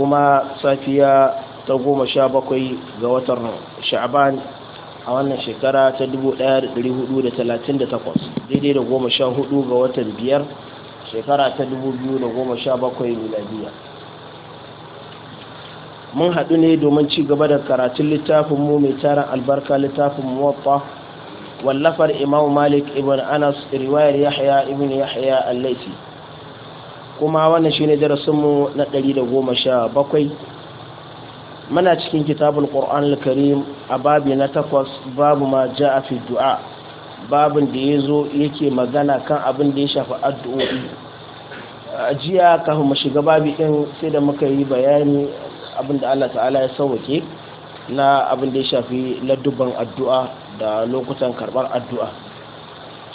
kuma safiya ta goma sha bakwai ga watan sha'aban a wannan shekara ta 1438 daidai da goma sha hudu ga watan biyar shekara ta 2017 miladiya mun haɗu ne domin ci gaba da karatun littafin mu mai tarin albarka littafin muwatta wallafar imam malik ibn anas riwayar yahya ibn yahya al-laiti kuma wannan shine darasinmu na 117 muna cikin kitabul ƙoran al-karim a babi na takwas babu ma a fi du'a babin da ya zo yake magana kan abin da ya shafi addu'o'i A jiya kafin mu shiga babi ɗin sai da muka yi bayani abin da Allah ta'ala ya sauke na abin da ya shafi ladduban addu'a da lokutan karbar addu'a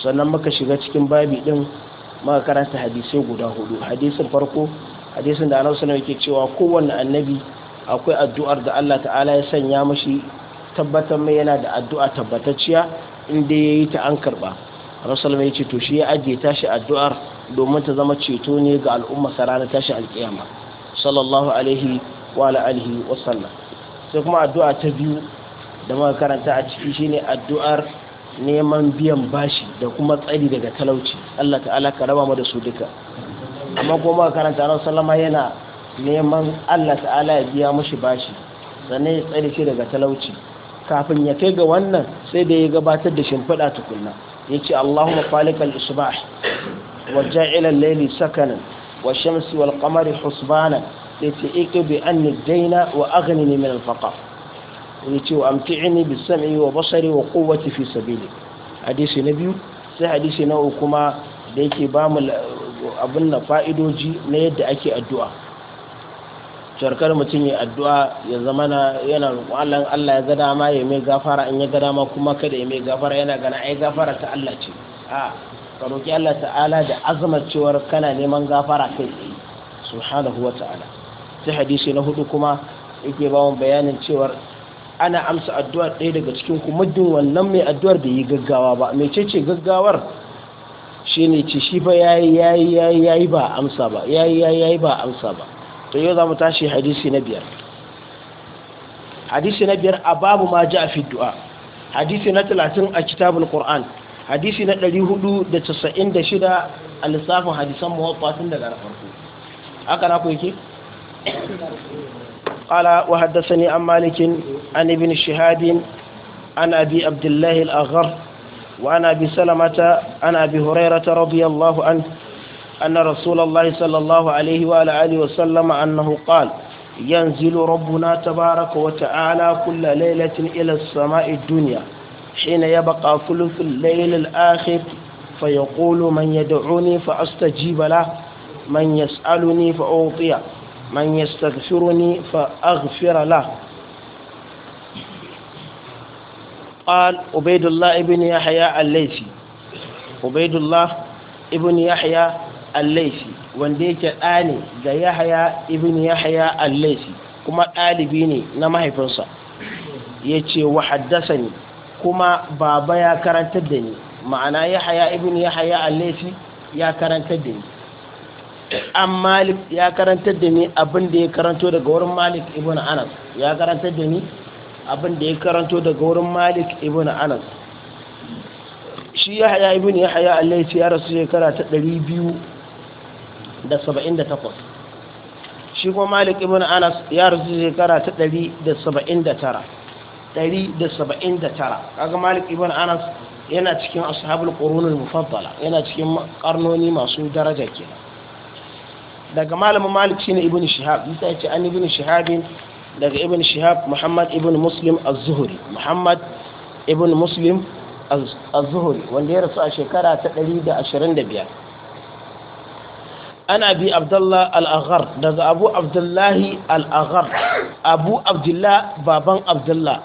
sannan muka shiga cikin babi ɗin. Maka karanta hadisai guda hudu hadisin farko hadisin da annabi sallallahu yake cewa kowanne annabi akwai addu'ar da Allah ta'ala ya sanya mashi tabbatar mai yana da addu'a tabbatacciya inda yayi ta an karba rasul mai ce to shi ya ajiye tashi addu'ar domin ta zama ceto ne ga al'umma sarana tashi alƙiyama sallallahu alaihi wa alihi wa sallam sai kuma addu'a ta biyu da maka karanta a ciki shine addu'ar neman biyan bashi da kuma tsari daga talauci Allah ta'ala ka raba da su duka amma kuma karanta ran sallama yana neman Allah ta'ala ya biya mashi bashi sannan ya tsari shi daga talauci kafin ya kai ga wannan sai da ya gabatar da shimfiɗa tukunna ya ce Allahumma falikal isbah wa ja'ila al-layli sakanan wa shamsi wal qamari husbanan ce iqbi anni dayna wa aghnini min al-faqr yace wa amti'ni bis sam'i wa basari wa quwwati fi sabili hadisi na biyu sai hadisi na uku kuma da yake ba mu abin na fa'idoji na yadda ake addu'a sharkar mutum ya addu'a ya zama na yana roƙon Allah ya ga dama ya mai gafara in ya ga dama kuma kada ya mai gafara yana gana ai gafara ta Allah ce a ka roƙi Allah ta'ala da azumar cewar kana neman gafara kai tsaye subhanahu wa ta'ala sai hadisi na hudu kuma yake ba mu bayanin cewar ana amsa addu'ar ɗaya daga cikin ku muddin wannan mai addu'ar da yi gaggawa ba mai ce gaggawar shi ne ce shi ba ya, yi ya yi ba amsa ba Ya, yi ya yi ba amsa ba to yau mu tashi hadisi na biyar hadisi na biyar a babu ma a fi du'a hadisi na talatin a kitabul qur'an hadisi na ɗari da da casa'in hudu shida a lissafin hadisan muwaffa da daga farko haka na ku yake قال وحدثني عن مالك عن ابن شهاب عن أبي عبد الله الأغر وعن أبي سلمة عن أبي هريرة رضي الله عنه أن رسول الله صلى الله عليه وعلى آله وسلم أنه قال ينزل ربنا تبارك وتعالى كل ليلة إلى السماء الدنيا حين يبقى ثلث الليل الآخر فيقول من يدعوني فأستجيب له من يسألني فأعطيه من يستغفرني فأغفر له قال عبيد الله ابن يحيى الليثي عبيد الله ابن يحيى الليثي wanda yake ɗa ga yahaya ibn yahaya allaisi kuma ɗalibi ne na mahaifinsa ya ce wa ni kuma baba ya karantar dani ni ma'ana yahaya ibn yahaya allaisi ya karantar dani. an malik ya karantar da ni abin da ya karanto daga wurin malik ibn anas ya karantar da ni abin da ya karanto daga wurin malik ibn anas shi ya haya ibn ya haya allai ce ya rasu shekara ta 278 shi kuma malik ibn anas ya rasu shekara ta 179 179 kaga malik ibn anas yana cikin ashabul qurunul mufaddala yana cikin karnoni masu daraja kenan daga malamin malik shine ibn shihab isa ya ce an ibn shihabin daga ibn shihab muhammad ibn muslim az-zuhri muhammad ibn muslim az-zuhri wanda ya rasu a shekara ta 125 ana bi abdullah al-aghar daga abu abdullahi al-aghar abu abdullah baban abdullah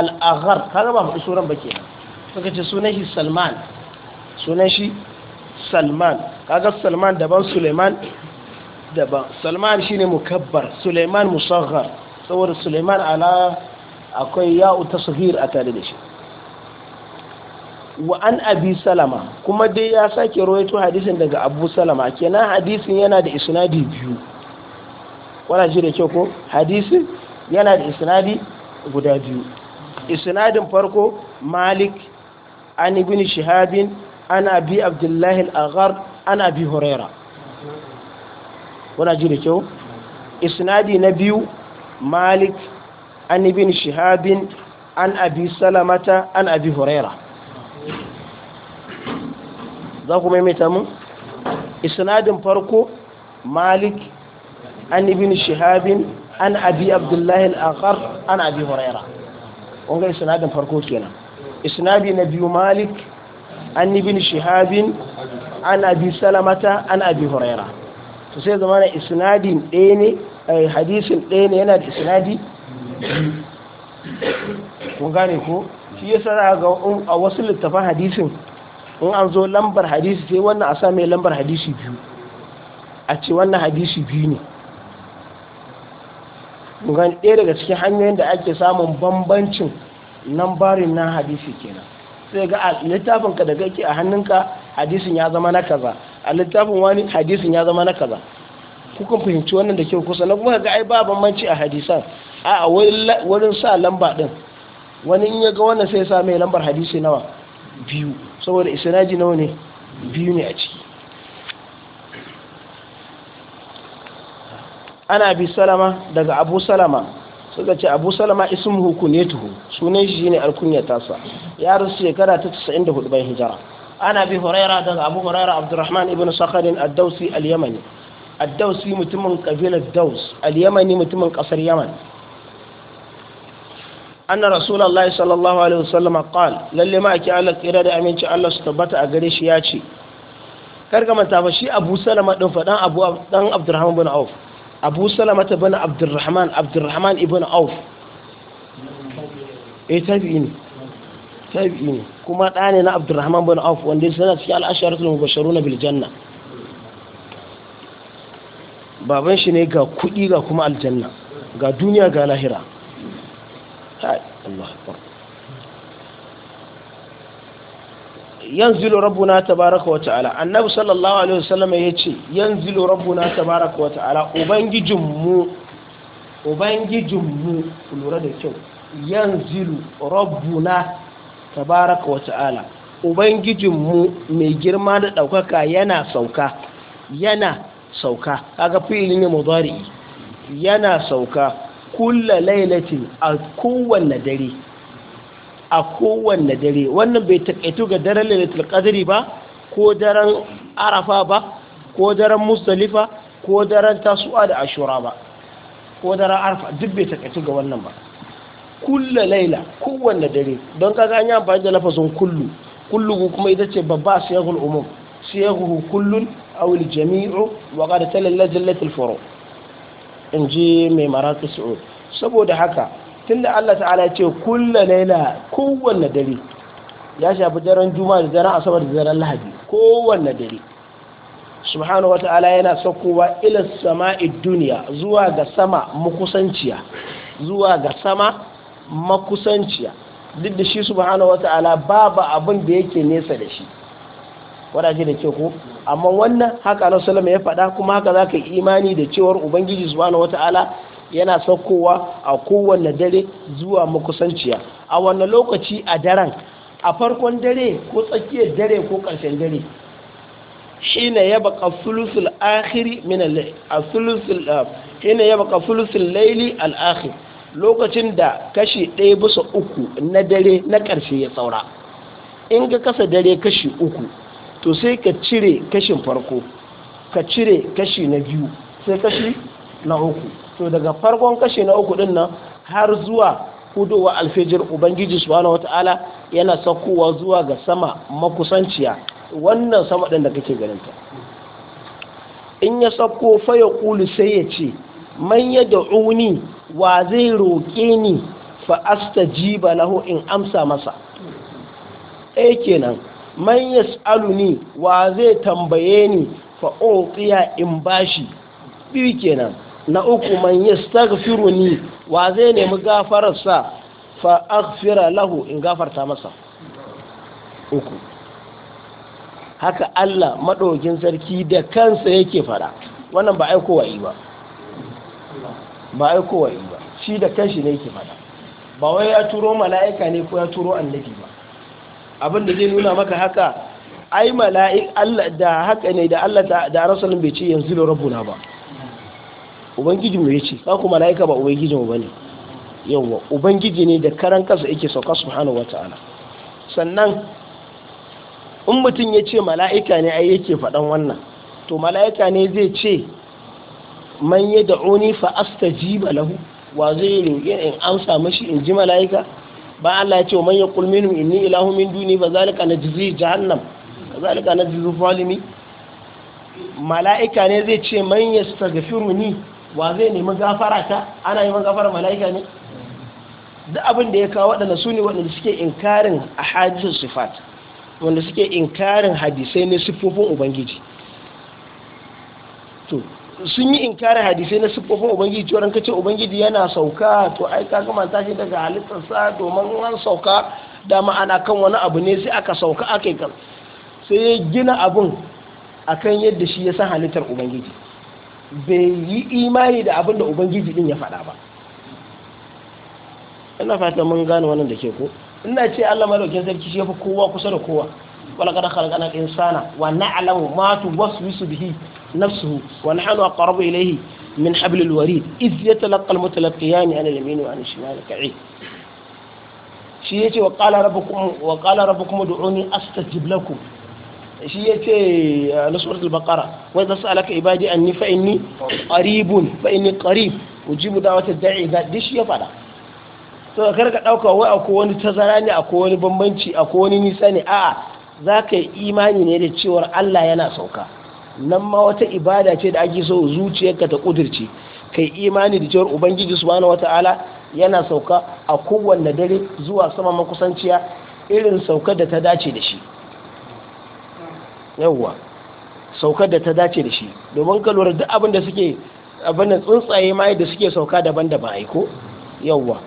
al-aghar kaga ba mu suran ba ke suka ce sunan shi salman sunan shi salman kaga salman daban suleiman daban salman shine mukabbar suleiman musaghar saboda suleiman ala akwai ya'u tasghir a tare da shi wa an abi salama kuma dai ya sake rawaito hadisin daga abu salama kenan hadisin yana da isnadi biyu wala ji da kyau ko hadisin yana da isnadi guda biyu isnadin farko malik an ibn shihabin an abi abdullahi al-aghar an abi huraira kuna ji da kyau isnadi na biyu malik an ibn shihabin an abi salamata an abi huraira za ku maimaita mu isnadin farko malik an ibn shihabin an abi abdullahi al'akar an abi huraira kun isnadin farko kenan isnadi na biyu malik an ibn shihabin an abi salamata an abi huraira to sai zama na isnadin ɗaya ne eh, hadisin ɗaya ne yana da isnadi kun gane ko shi ya sa ga a wasu littafan hadisin in an zo lambar hadisi sai wannan a sa mai lambar hadisi biyu a ce wannan hadisi biyu ne kun gane ɗaya daga cikin hanyoyin da ake samun bambancin lambarin na hadisi kenan sai ga littafin ka da kake a hannunka hadisin ya zama na kaza a littafin wani hadisin ya zama na kaza kukan fahimci wannan da kyau kusa na kuma ga ai ba bambanci a hadisan a wurin sa lamba din wani in ya ga wannan sai ya sa mai lambar hadisi nawa biyu saboda isinaji nawa ne biyu ne a ciki ana bi salama daga abu salama suka ce abu salama ismuhu hukunetu sunan shi ne alkunya tasa ya rasu shekara ta 94 bayan hijira ana bi huraira daga abu huraira abdurrahman ibn sakharin ad-dausi al-yamani ad-dausi mutumin kabilar daus al-yamani mutumin kasar yaman anna rasulullahi sallallahu alaihi wasallam qal lalle ma ki Allah kira da aminci Allah su tabbata a gare shi ya ce karga manta fa shi Abu Salama din fa dan Abu dan Abdurrahman bin Auf Abu Salama ta bin Abdurrahman Abdurrahman ibn Auf eh tabi'i ne kuma ɗa ne na abdurrahman bin auf wanda ya sanar cikin al'asharatul basharu na biljanna baban shi ne ga kuɗi ga kuma aljanna ga duniya ga lahira yanzilu rabbuna tabaraka wa ta'ala annabi sallallahu alaihi wasallam yace yanzilu rabbuna tabaraka wa ta'ala ubangijinmu ubangijinmu lura da kyau yanzilu rabbuna tabaraka wa ta'ala mu mai girma da ɗaukaka yana sauka yana sauka kaga fi'ili ne mudari yana sauka kulla lailatin a kowanne dare a kowanne dare wannan bai takaitu ga daren lailatul qadri ba ko daren arafa ba ko daren musdalifa ko daren tasu'a da ashura ba ko daren arafa duk bai takaitu ga wannan ba kulla laila kowanne dare don kaga an yi amfani da lafazin kullu kullu kuma ita ce babba siyahul umum siyahuhu kullun aw al jami'u wa qad talalla jallat al furu in ji mai maratu su'ud saboda haka tunda Allah ta'ala ya ce kulla laila kowanne dare ya shafi daren juma'a da daren asabar da daren lahadi kowanne dare subhanahu wata'ala yana saukowa ila sama'id duniya zuwa ga sama makusanciya zuwa ga sama makusanciya duk da shi subhanahu wata'ala babu abin da yake nesa da shi wadaje da ke ko amma wannan haka Allah sallama ya faɗa kuma haka za ka yi imani da cewar ubangiji subhanahu wata'ala yana saukowa a kowanne dare zuwa makusanciya a wannan lokaci a daren a farkon dare ko tsakiyar dare ko ƙarshen dare shi ya baka sulusul akhiri min al-sulusul ya baka sulusul layli al-akhir lokacin da kashi ɗaya bisa uku na dare na ƙarshe ya tsaura in ka kasa dare kashi uku to sai ka cire kashin farko ka cire kashi na biyu sai kashi na uku to daga farkon kashi na uku ɗin nan har zuwa hudowa alfijir ubangiji subhanahu wata'ala yana saukowa zuwa ga sama makusanciya wannan sama ɗin da kake ta. in ya sauko faya ƙulu sai ya ce man ya da'uni wa zai roƙe ni fa jiba lahu in amsa masa ɗaya kenan man ni. wa zai tambaye ni fa uqiya in bashi biyu kenan na uku man ni. wa zai nemi gafararsa fa aghfira lahu in gafarta masa uku haka Allah maɗogin sarki da kansa yake fara wannan ba wa yi ba ba aikowa yi ba shi da kanshi ne yake mana ba wai ya turo mala'ika ne ko ya turo annabi ba abin da zai nuna maka haka ai mala'i Allah da haka ne da Allah da rasulun bai ce yanzu da rabuna ba ubangiji mu ce ba ku mala'ika ba ubangiji mu bane Yawwa ubangiji ne da karan kansa yake sauka subhanahu ta'ala. sannan in mutum ya ce mala'ika ne ai yake faɗan wannan to mala'ika ne zai ce man ya da'uni fa astajiba lahu wa zai rinke in amsa mashi in ji mala'ika ba Allah ya ce man ya kulminu minhum inni ilahu min duni fa zalika najzi jahannam kazalika najzi zalimi mala'ika ne zai ce man ni wa zai nemi gafara ta ana yi gafara mala'ika ne da abin da ya kawo waɗanda su ne waɗanda suke inkarin a hadisun sifat wanda suke inkarin hadisai ne siffofin ubangiji to sun yi inkarin hadisai na siffofin ubangiji cewa an kace ubangiji yana sauka to ai ka gama tashi daga halittarsa domin an sauka da ma'ana kan wani abu ne sai aka sauka aka kan sai ya gina abun akan yadda shi ya san halittar ubangiji bai yi imani da abin da ubangiji din ya faɗa ba ina fata mun gane wannan da ke ko ina ce Allah madaukakin sarki shi ya fi kowa kusa da kowa wala kada khalaqana insana wa na'lamu ma tuwaswisu bihi نفسه ونحن أقرب إليه من حبل الوريد إذ يتلقى المتلقيان عن اليمين وعن الشمال كعيد shi ya ce wa ƙala rabu kuma du'uni astajib lakum shi ya ce na suratul baqara wa idza sa'alaka ibadi anni fa inni qaribun fa inni dishi ya to kar ka dauka wai akwai wani tazara ne akwai wani bambanci akwai wani nisa ne a'a zaka yi imani ne da cewar Allah yana sauka nan ma wata ibada ce da ake so zuciyarka ta kudirce kai imani da cewar ubangiji subhanahu wataala yana sauka a kowanne dare zuwa sama makusanciya irin saukar da ta dace da shi yawwa saukar da ta dace da shi domin ka lura duk abin da suke abin da tsuntsaye ma da suke sauka daban-daban aiko yawwa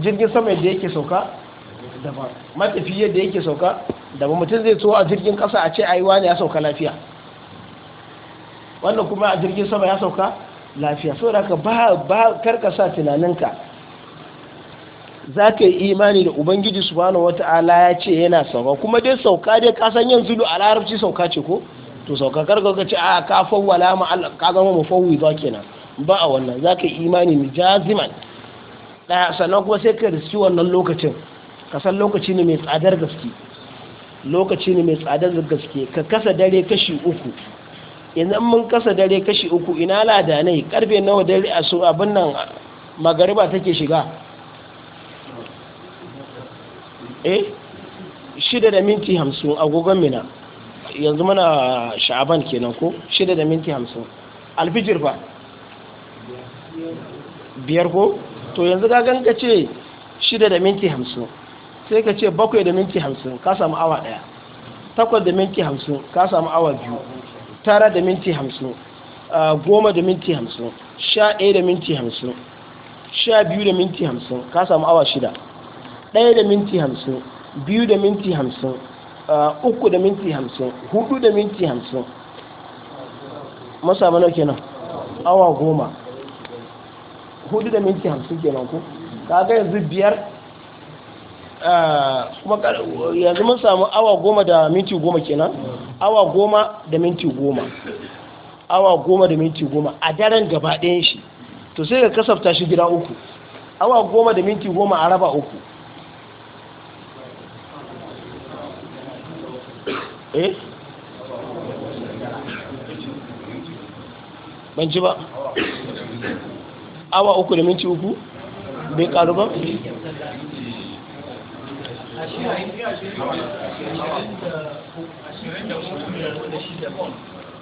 jirgin sama yadda yake sauka daban matafiya yadda yake sauka daban mutum zai tso a jirgin kasa a ce aiwa ne ya sauka lafiya Wannan kuma a jirgin sama ya sauka lafiya so da ka ba karka sa tunaninka za ka yi imani da ubangiji su wata Ala ya ce yana sauka kuma dai sauka dai kasan yin zulu a larabci sauka ce ko to sauka karka ka ce a ka fawwala ma Allah ka zama fawwi ba kenan ba a wannan za ka yi imani mujaziman daya sannan kuma sai ka riski wannan lokacin ka san lokaci ne mai tsadar gaske lokaci ne mai tsadar gaske ka kasa dare kashi uku yanzu mun kasa dare kashi uku ina lada ne karfe nawa dare a so abin nan magariba take shiga eh shida da minti hamsin agogon mina yanzu mana sha'aban kenan ko shida da minti hamsin alfijir ba biyar ko to yanzu gagan ka ce shida da minti hamsin sai ka ce bakwai da minti hamsin ka samu awa daya takwas da minti hamsin ka samu awa biyu tara da minti hamsin goma da minti hamsin sha ɗaya da minti hamsin sha biyu da minti hamsin ka samu awa shida ɗaya da minti hamsin biyu da minti hamsin uku da minti hamsin hudu da minti hamsin masa nauke kenan awa goma hudu da minti hamsin kenan ku K'a ga yanzu biyar Eh, kuma yanzu mun samu awa goma da minti goma kenan awa goma da minti goma awa goma da minti goma a daren gaba ɗayan shi to sai ka kasafta shi gida uku awa goma da minti goma a raba uku eh ban ci ba awa uku da minti uku bai karu ba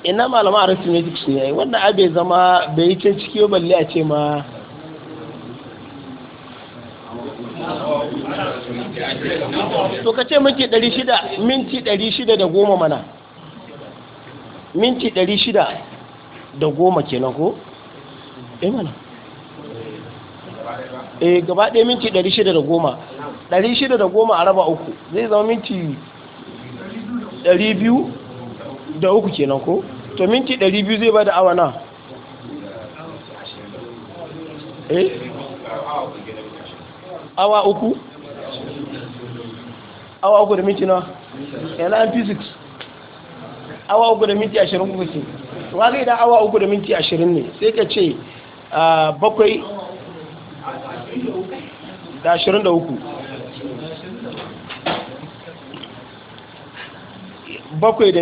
ina malama arithmetic ne yi wanda abe zama bai yi can ciki balle a ce ma to ka ce minti 600 minti 600 da goma mana minti 600 da goma kenan ko? eh mana eh gaba ɗaya minti 610 610 a raba uku zai zama minti 200 da uku kenan ko to minti 200 zai bada awa na eh awa uku awa uku da minti na yana an physics awa uku da minti 20 kuka ke wani idan awa uku da minti 20 ne sai ka ce ah, bakwai da ashirin da uku bakwai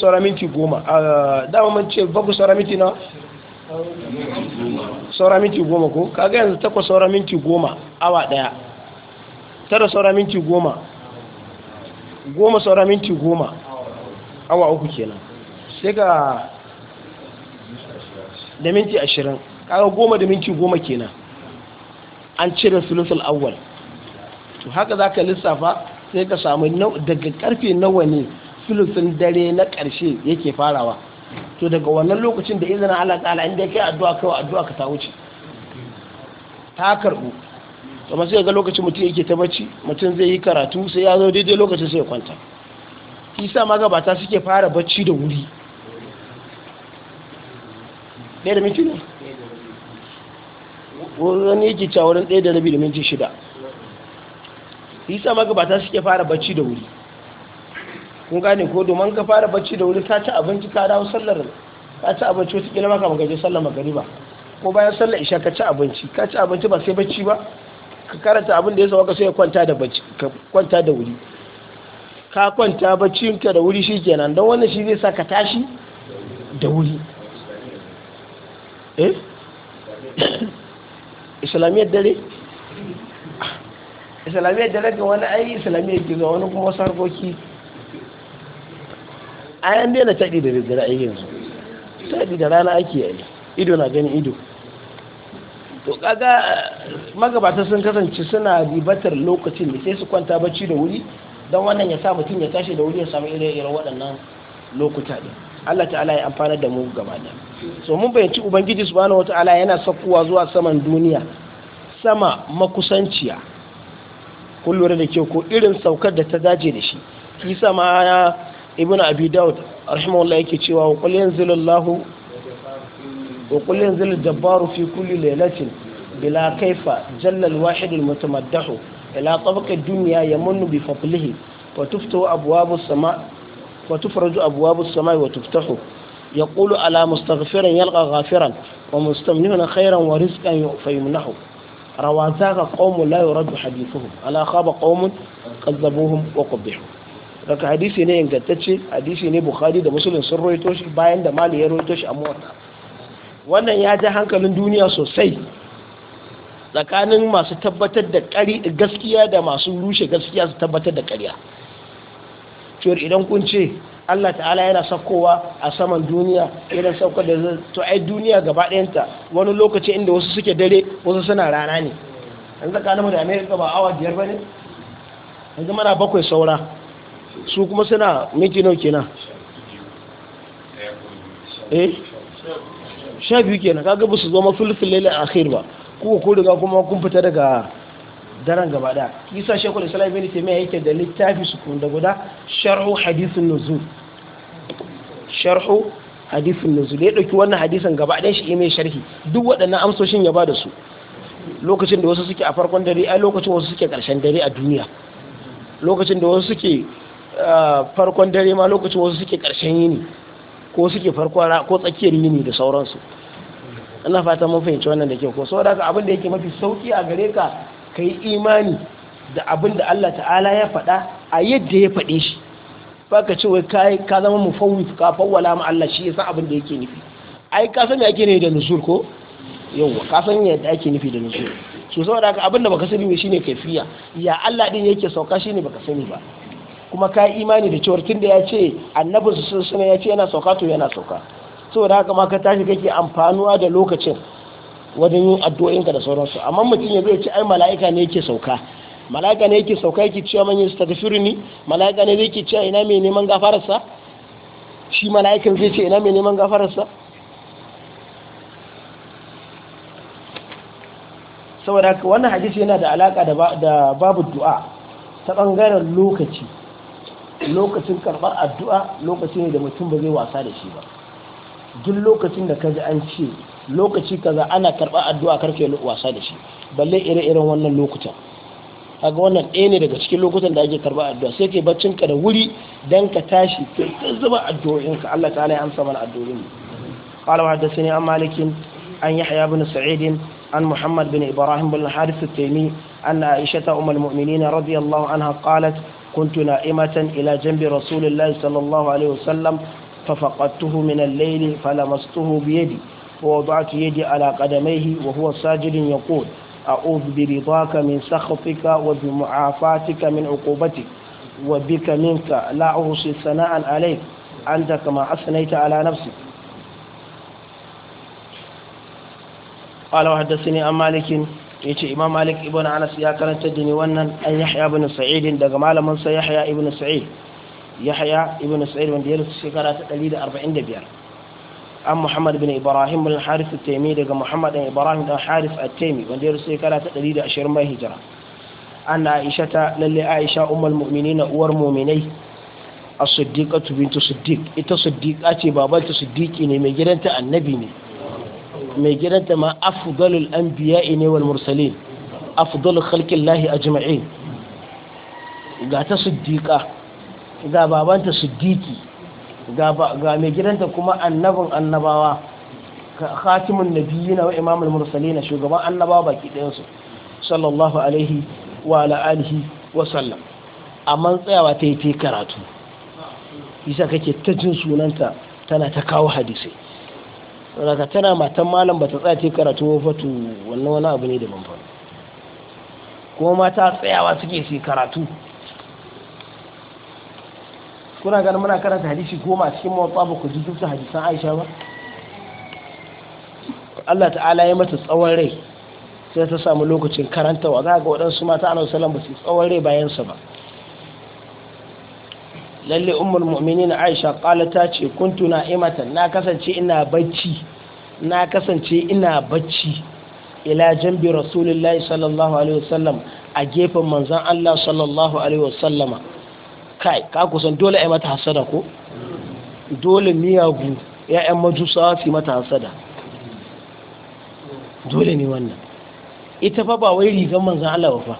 saura minti goma a ah, damaman ce bakwai saura minti na saura minti goma ko kaga yanzu takwas saura minti goma awa daya tara saura minti goma goma saura minti goma awa uku kenan sai ga da minti ashirin kaga goma da minti goma kenan an cire sulusul awwal to haka zaka ka lissafa sai ka samu daga karfe nawa ne sulusun dare na karshe yake farawa to daga wannan lokacin da izinin Allah ta'ala inda kai addu'a kai addu'a ka ta wuce ta karbu To sai ga lokacin mutum yake ta bacci mutum zai yi karatu sai ya zo daidai lokacin sai ya kwanta isa magabata suke fara bacci da wuri ɗaya da wani yake cewa wurin ɗaya da rabi da minti shida ba ta suke fara bacci da wuri kun gane ko domin ka fara bacci da wuri ka ci abinci ka dawo sallar ka ci abinci wata kila maka magaji sallar magariba ko bayan sallar isha ka ci abinci ka ci abinci ba sai bacci ba ka karanta abin da ya ka sai ya kwanta da bacci ka kwanta da wuri ka kwanta bacci ka da wuri shikenan don wannan shi zai sa ka tashi da wuri eh islamiyyar dare islamiyyar dare ga wani ai islamiyyar gizo wani kuma wasu harkoki a yan dena taɗi da daddare a yanzu taɗi da rana ake yi ido na gani ido to kaga magabata sun kasance suna ribatar lokacin da sai su kwanta bacci da wuri don wannan ya sa mutum ya tashi da wuri ya samu ire-iren waɗannan lokuta ɗin Allah ta'ala ya amfana da mu gaba da so mun bayanci ubangiji subhanahu wata'ala yana sakkuwa zuwa saman duniya sama makusanciya kun lura da kyau ko irin saukar da ta dace da shi ki sama ya ibn abi daud rahimahullah yake cewa wa qul yanzilullahu wa qul yanzilul jabbaru fi kulli lailatin bila kaifa jalla al-wahid al-mutamaddah ila tabaq ad-dunya yamunnu bi fadlihi wa tuftu abwabu as-sama' wa tufraju abwabu as-sama'i wa tuftahu يقول على مستغفرا يلقى غافرا ومستمنون خيرا ورزقا فيمنحه rawa saka qaumun la yuraddu hadithuhum ala khaba qaumun kazzabuhum wa qabbihu daga hadisi ne ingantacce hadisi ne bukhari da muslim sun roito shi bayan da mali ya roito shi a mota wannan ya ji hankalin duniya sosai tsakanin masu tabbatar da gaskiya da masu rushe gaskiya su tabbatar da ƙarya cewar idan kun ce Allah ta'ala yana saukowa a saman duniya yana saukar da to ai duniya gaba ɗayanta wani lokaci inda wasu suke dare wasu suna rana ne yanzu tsakaninmu da amerika ba awa biyar ba ne yanzu mana bakwai saura su kuma suna miki nau kenan eh sha biyu kenan kaga ba su zo mafulfin a akhir ba kuma ko daga kuma kun fita daga daren gaba da kisa shekul islam ibn taymiya yake da littafi su kun da guda sharhu hadithun nuzul sharhu hadithun nuzul ya dauki wannan hadisin gaba ɗayan shi mai sharhi duk waɗannan amsoshin ya bada su lokacin da wasu suke a farkon dare a lokacin wasu suke ƙarshen dare a duniya lokacin da wasu suke ah, farkon dare ma lokacin wasu suke ƙarshen yini ko suke farkon ko tsakiyar yini da sauransu ina fata mun fahimci wannan da ke ko saboda haka abin da yake mafi sauki a gare ka ka yi imani da abin da Allah ta'ala ya faɗa a yadda ya faɗe shi ba ka ce wai ka zama mufawif ka fawwala ma Allah shi yasa abin da yake nufi ai ka san ake nufi da nusur ko yawwa ka san yadda ake nufi da nusur so saboda haka abin da baka sani ne shine kaifiya ya Allah din yake sauka shine baka sani ba kuma ka imani da cewar tunda ya ce annabinsu sun ya ce yana sauka to yana sauka saboda haka ma ka tashi kake amfanuwa da lokacin wajen yin addu'o'inka da sauransu amma mutum ya zai ce ai mala'ika ne yake sauka mala'ika ne yake sauka yake cewa manyan su man shirini mala'ika ne ke cewa ina mai neman gafararsa shi mala'ikan zai ce ina mai neman gafararsa saboda haka wannan hadisi yana da alaka da babu du'a ta bangaren lokaci lokacin karbar addu'a lokaci ne da mutum ba zai wasa da shi ba duk lokacin da ka ji an ce lokaci kaza ana karɓa addu'a karke wasa da shi balle ire-iren wannan lokutan kaga wannan ɗaya ne daga cikin lokutan da ake karɓa addu'a sai ke baccin ka da wuri dan ka tashi ka zuba addu'o'in ka Allah ta'ala ya amsa mana addu'o'in qala wa hadathani an malikin an yahya ibn sa'id an muhammad bin ibrahim bin harith at-taymi أن عائشة أم المؤمنين radiyallahu الله عنها قالت كنت نائمة إلى جنب رسول الله صلى الله عليه وسلم ففقدته من الليل فلمسته بيدي ووضعت يدي على قدميه وهو ساجد يقول أعوذ برضاك من سخطك وبمعافاتك من عقوبتك وبك منك لا أحصي ثناء عليك أنت كما أثنيت على نفسك قال وحدثني عن مالك yace imam malik ibn anas ya karanta da ni wannan an yahya ibn sa'id daga malamin sa yahya ibn sa'id yahya ibn sa'id wanda ya rasu shekara ta 145 an muhammad bin ibrahim bin haris taimi daga muhammad bin ibrahim dan haris taimi wanda ya rusu kara ta 120 mai hijira anna aisha ta lalle aisha ummul mu'minin uwar mu'minai as-siddiqatu bintu siddiq ita siddiqa ce babanta siddiqi ne mai gidanta annabi ne mai gidanta ma afdalul anbiya'i ne wal mursalin afdalul khalqillahi ajma'in ga ta siddiqa ga babanta siddiqi ga mai gidanta kuma annabin annabawa khatimun na wa imamul mursalina shugaban annabawa baki su. sallallahu alaihi wa ala alihi wa sallam amma tsayawa ta yi ta karatu isa kake ta jin sunanta tana ta kawo hadisai saboda tana matan malam bata tsaya ta karatu wa fatu wannan wani abu ne da ban faru kuma mata tsayawa suke su karatu kuna ganin muna karanta hadisi goma a cikin mawatsa ba ku ji duk hadisan aisha ba Allah ta'ala ya mata tsawon rai sai ta samu lokacin karanta karantawa za ga waɗansu mata ana salam ba su tsawon rai bayansa ba lalle ummul mu'minin aisha ƙala ta ce kuntu na imatan na kasance ina bacci na kasance ina bacci ila jambi rasulullahi sallallahu alaihi wasallam a gefen manzan Allah sallallahu alaihi wasallama kai ka kusan dole a yi mata hasada ko dole miyagu ya'yan majusawa su yi mata hasada dole ne wannan ita fa ba wai rigar manzan Allah ba fa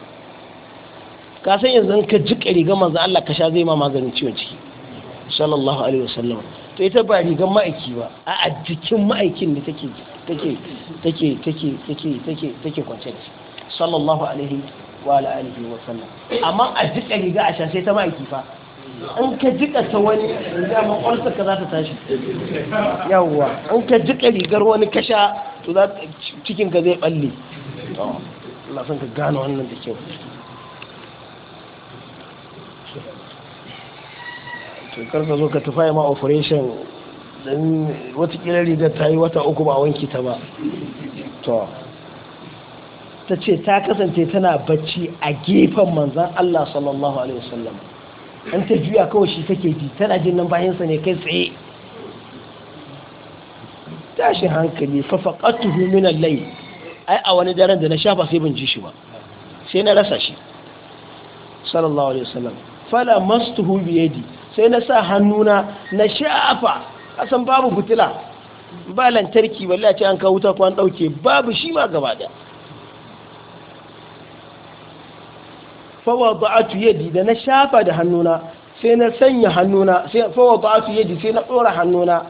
ka san yanzu ka jika rigar manzan Allah ka sha zai ma maganin ciwon ciki sallallahu alaihi wasallam to ita ba rigar ma'aiki ba a jikin ma'aikin ne take take take take take take take kwance sallallahu alaihi wa alihi wa sallam amma a jika riga a shashe ta ma'aiki fa in ka jika ta wani riga ma ƙwarsa ka za ta tashi yawa in ka jika rigar wani kasha to za cikin ka zai balle Allah san ka gano wannan da kyau to karka zo ka tufa ma operation dan watakila rigar ta yi wata uku ba wanki ta ba to ta ce ta kasance tana bacci a gefen manzan Allah sallallahu Alaihi wasallam an ta juya kawai shi take ji tana jin nan bayansa ne kai tsaye tashi hankali fafaƙattuhu minan lai ai a wani daren da na shafa sai ban ji shi ba sai na rasa shi sallallahu alaihi wasallam fala mastuhu yadi sai na sa hannuna na shafa kasan babu fitila ba lantarki ba, ce an kawo wuta ko an dauke babu shi ma gaba da fawa ba'atu yadi da na shafa da hannuna sai na sanya hannuna sai fawa ba'atu yadi sai na tsora hannuna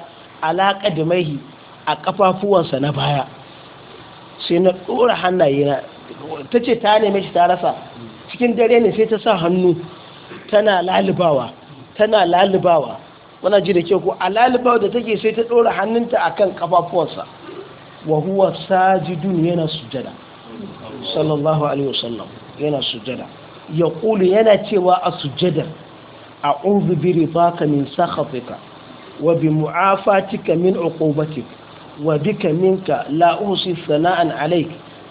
ala qadmaihi a kafafuwansa na baya sai na tsora hannayena tace ta neme shi ta rasa cikin dare ne sai ta sa hannu tana lalubawa tana lalubawa wannan ji da ke ku a lalubawa da take sai ta dora hannunta akan kafafuwansa wa huwa sajidun yana sujada sallallahu alaihi wasallam yana sujada ya ƙulu yana cewa a sujjadar a ƙunzu biri baka min sakafika wa bi mu'afatika min uqubatik wa bika minka la uhsi sana'an alayk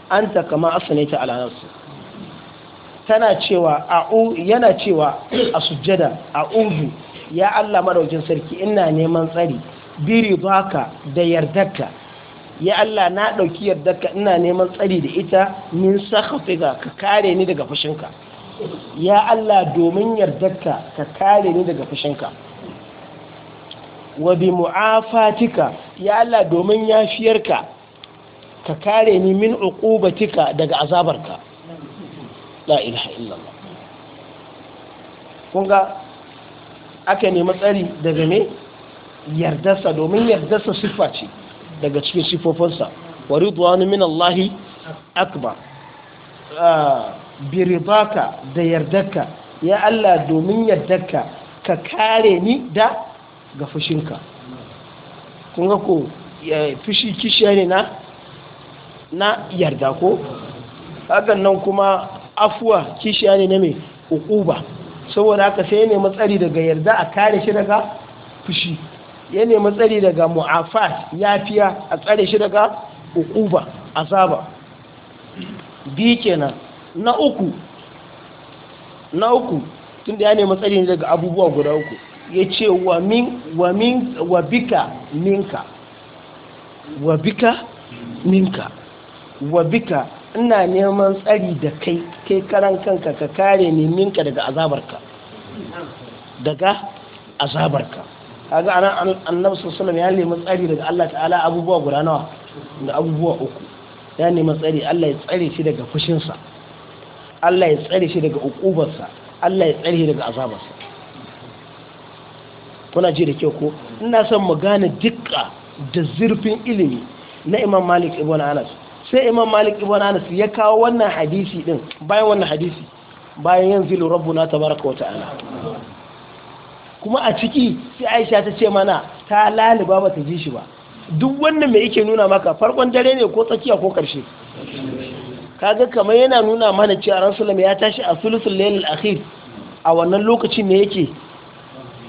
anta kama asnaita ala nafsi tana cewa a yana cewa a sujjada a'udhu ya Allah madaukin sarki ina neman tsari biri baka da yardarka ya Allah na dauki yardarka ina neman tsari da ita min sakafika ka kare ni daga fushinka ya Allah domin yardarka ka kare ni daga fushinka wa bi mu'afatika ya Allah domin yafiyarka ka kare ni min uqubatika daga azabarka la ilaha illallah aka nemi tsari daga me yardarsa domin yardarsa sifa ce daga cikin sifofinsa wa ridwanu min Allahi akbar ah. biridaka da yardarka ya Allah domin yardarka ka kare ni da ga fushinka kun ga ko fushi kishiya ne na na yarda ko hakan nan kuma afuwa kishiya ne na mai ukuba saboda haka sai ya nemi tsari daga yarda a kare shi daga fushi ya nemi tsari daga mu'afat yafiya a tsare shi daga ukuba azaba bi kenan na uku na uku tun da ya nemi tsari daga abubuwa guda uku ya ce wa bika minka wa bika minka wa bika ina neman tsari da kai kai karan kanka ka kare ne minka daga azabarka daga azabarka ga anan annabi sallallahu alaihi ya nemi tsari daga Allah ta'ala abubuwa guda nawa da abubuwa uku ya nemi tsari Allah ya tsare shi daga fushinsa Allah ya tsare shi daga ukubarsa Allah ya tsare shi daga azabarsa kuna ji da kyau ko ina son mu gane dukka da zurfin ilimi na Imam Malik ibn Anas sai Imam Malik ibn Anas ya kawo wannan hadisi din bayan wannan hadisi bayan yanzilu rabbuna tabaraka wa ta'ala kuma a ciki sai Aisha ta ce mana ta laliba ba ta ji shi ba duk wannan me yake nuna maka farkon dare ne ko tsakiya ko karshe kaga kamar yana nuna mana cewa rasulullah ya tashi a sulusul lailul akhir a wannan lokacin ne yake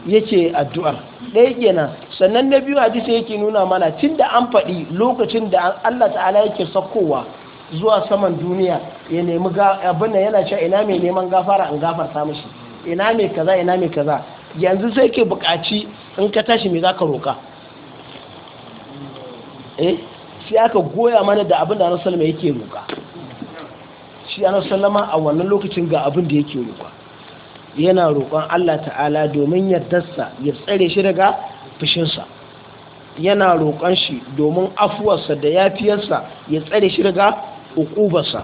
yake addu'ar ɗaya kenan sannan na biyu hadisi yake nuna mana tunda an faɗi lokacin da Allah ta'ala yake sakkowa zuwa saman duniya ya nemi abin yana cewa ina mai neman gafara an gafarta mishi ina mai kaza ina mai kaza yanzu sai ke buƙaci in ka tashi me zaka roka eh sai aka goya mana da abin da Rasul mai yake roka shi ana sallama a wannan lokacin ga abin da yake roƙa yana roƙon Allah ta'ala domin yardarsa ya tsare shi daga fushinsa yana roƙon shi domin afuwarsa da yafiyarsa ya tsare shi daga uqubarsa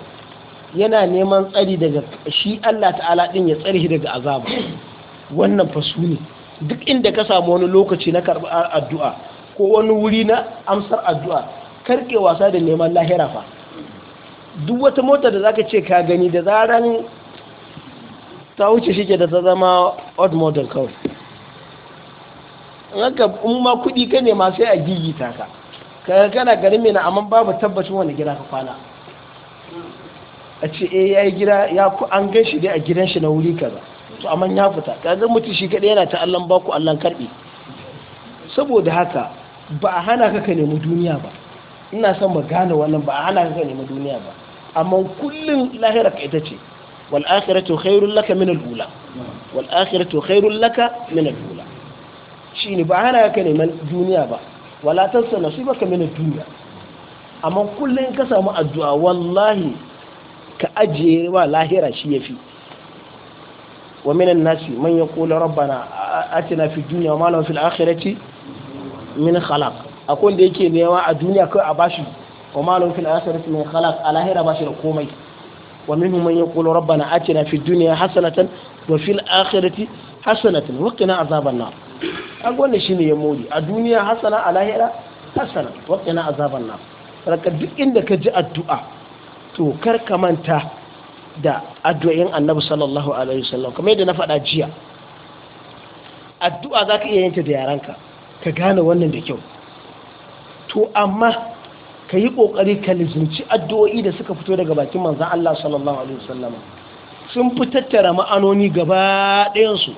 yana neman tsari daga shi Allah ta'ala din ya tsare shi daga azaba wannan fasu ne duk inda ka samu wani lokaci na karɓar addu'a ko wani wuri na amsar addu'a karke wasa da neman lahira fa duk wata mota da zaka ce ka gani da zaran ta wuce shi da ta zama odd model kawai haka in ma kudi ka nema sai a gigita ka kaga kana garin mai na amma babu tabbacin wani gida ka kwana a ce eh ya yi gida ya ku an gan shi dai a gidan shi na wuri kaza to amma ya fita kaga mutum shi kadai yana ta allon baku allon karɓi. saboda haka ba a hana ka ka nemi duniya ba ina son ba gane wannan ba ana ka nemi duniya ba amma kullum lahira ka ita ce wal akhiratu khairul laka min al ula wal akhiratu khairul laka min al ula shine ba ana ka neman duniya ba wala tansa nasibaka min ad duniya amma kullun ka samu addu'a wallahi ka ajiye wa lahira shi yafi ومن الناس من يقول ربنا آتنا في الدنيا وما له في الآخرة min خلاق akwai wanda yake nema a duniya kai a bashi wa malum fil akhirati min khalaq a lahira bashi da komai wa minhum man yaqulu rabbana atina fid dunya hasanatan wa fil akhirati hasanatan wa qina azaban nar akwai ne shine ya mori a duniya hasana a lahira hasana wa qina azaban nar raka duk inda ka ji addu'a to kar ka manta da addu'ayin annabi sallallahu alaihi wasallam kamar yadda na faɗa jiya addu'a zaka iya yin ta da yaranka ka gane wannan da kyau to amma ka yi ƙoƙari ka lizinci addu'o'i da suka fito daga bakin manzan Allah sallallahu Alaihi wasallam sun fi tattara ma'anoni gaba ɗayansu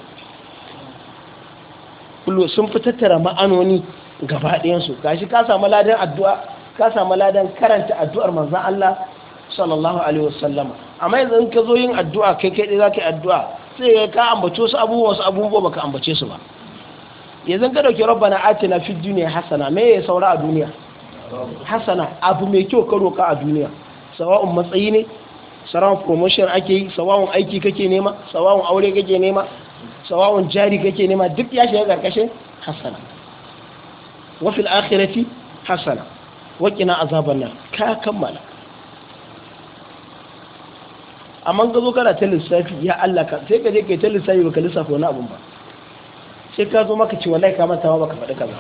sun fi tattara ma'anoni gaba ɗayansu gashi ka samu ladan addu'a ka samu ladan karanta addu'ar manzan Allah sallallahu Alaihi wasallam amma yanzu in ka zo yin addu'a kai kai ɗaya za ka yi addu'a sai ka ambace su abubuwa su abubuwa ba ka ambace su ba yanzu ka dauki rabbana atina fid dunya hasana me ya saura a duniya hasana abu mai kyau ka roka a duniya sawa'un matsayi ne sawa'un promotion ake yi sawa'un aiki kake nema sawa'un aure kake nema sawa'un jari kake nema duk ya shiga karkashin hasana wa fil akhirati hasana wa qina azaban nar ka kammala amma ga zo kana ta lissafi ya Allah ka sai ka je kai ta lissafi baka lissafa wani abin ba sai ka zo maka ce wallahi ka ba baka faɗi kaza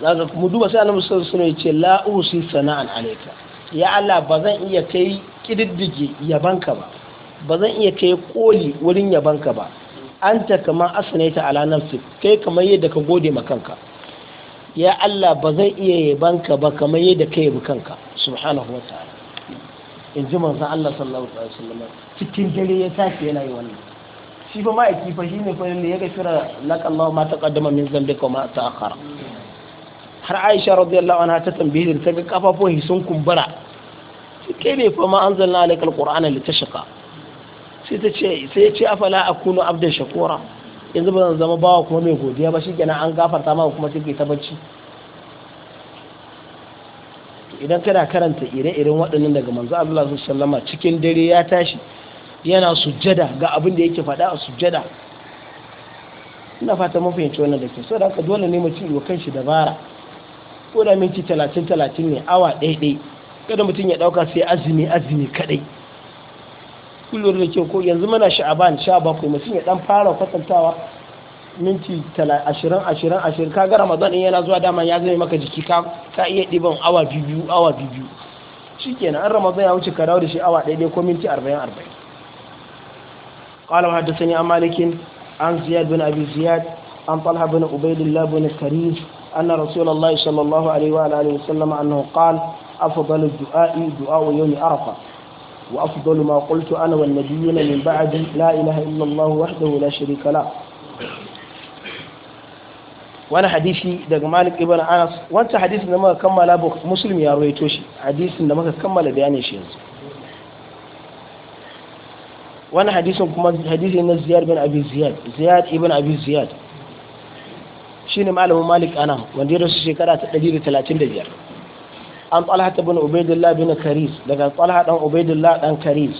zaka mu duba sai annabi sallallahu alaihi wasallam ya ce la usi sana'an alayka ya Allah ba zan iya kai kididdige yabanka ba ba zan iya kai koli wurin yabanka ba anta kama asnaita ala nafsi kai kamar yadda ka gode ma kanka ya Allah ba zan iya yabanka ba kamar yadda ka yabi kanka subhanahu wataala in ji manzon Allah sallallahu alaihi wasallam cikin dare ya tafi yana yi wannan shi fa ma'aiki fa shi ne fa'in da ya gafira laƙallahu ma ta ƙaddama min ko ma ta har aisha radiyallahu anha ta tambaye da ta ga kafafun sun kumbura kai ne fa ma anzalna alayka alqur'ana litashqa sai ta ce sai ya ce afala akunu abda shakura yanzu ba zan zama bawa kuma mai godiya ba shikenan an gafarta ma kuma sai ta bacci idan kana karanta ire-iren waɗannan daga manzo Allah sallallahu alaihi wasallama cikin dare ya tashi yana sujjada ga abin da yake faɗa a sujjada ina fata mafahimci wannan da ke so da aka dole ne mutum yi kan shi dabara ko da minti talatin talatin ne awa ɗaiɗai kada mutum ya ɗauka sai azumi azumi kaɗai kullum da ke ko yanzu mana sha'aban sha bakwai mutum ya ɗan fara kwatantawa minti ashirin ashirin ashirin ka ga ramadan in yana zuwa dama ya zama maka jiki ka iya ɗiban awa biyu awa biyu shikenan an ramadan ya wuce ka dawo da shi awa ɗaiɗai ko minti arba'in arba'in قال وحدثني عن مالك عن زياد بن أبي زياد عن طلحة بن عبيد الله بن الكريم أن رسول الله صلى الله عليه وآله وسلم أنه قال أفضل الدعاء دعاء يوم عرفة وأفضل ما قلت أنا والنبيون من بعدي لا إله إلا الله وحده لا شريك له wani hadisi daga Malik ibn Anas wancan hadisin da muka kammala Muslim ya rawaito shi hadisin da muka kammala bayanin shi yanzu wani hadisin kuma hadisi na ziyar bin abi Ziyar ziyad ibn abi ziyad shine malamin malik ana wanda ya rasu shekara ta 135 an ta bin ubaidillah bin karis daga talha dan ubaidillah dan karis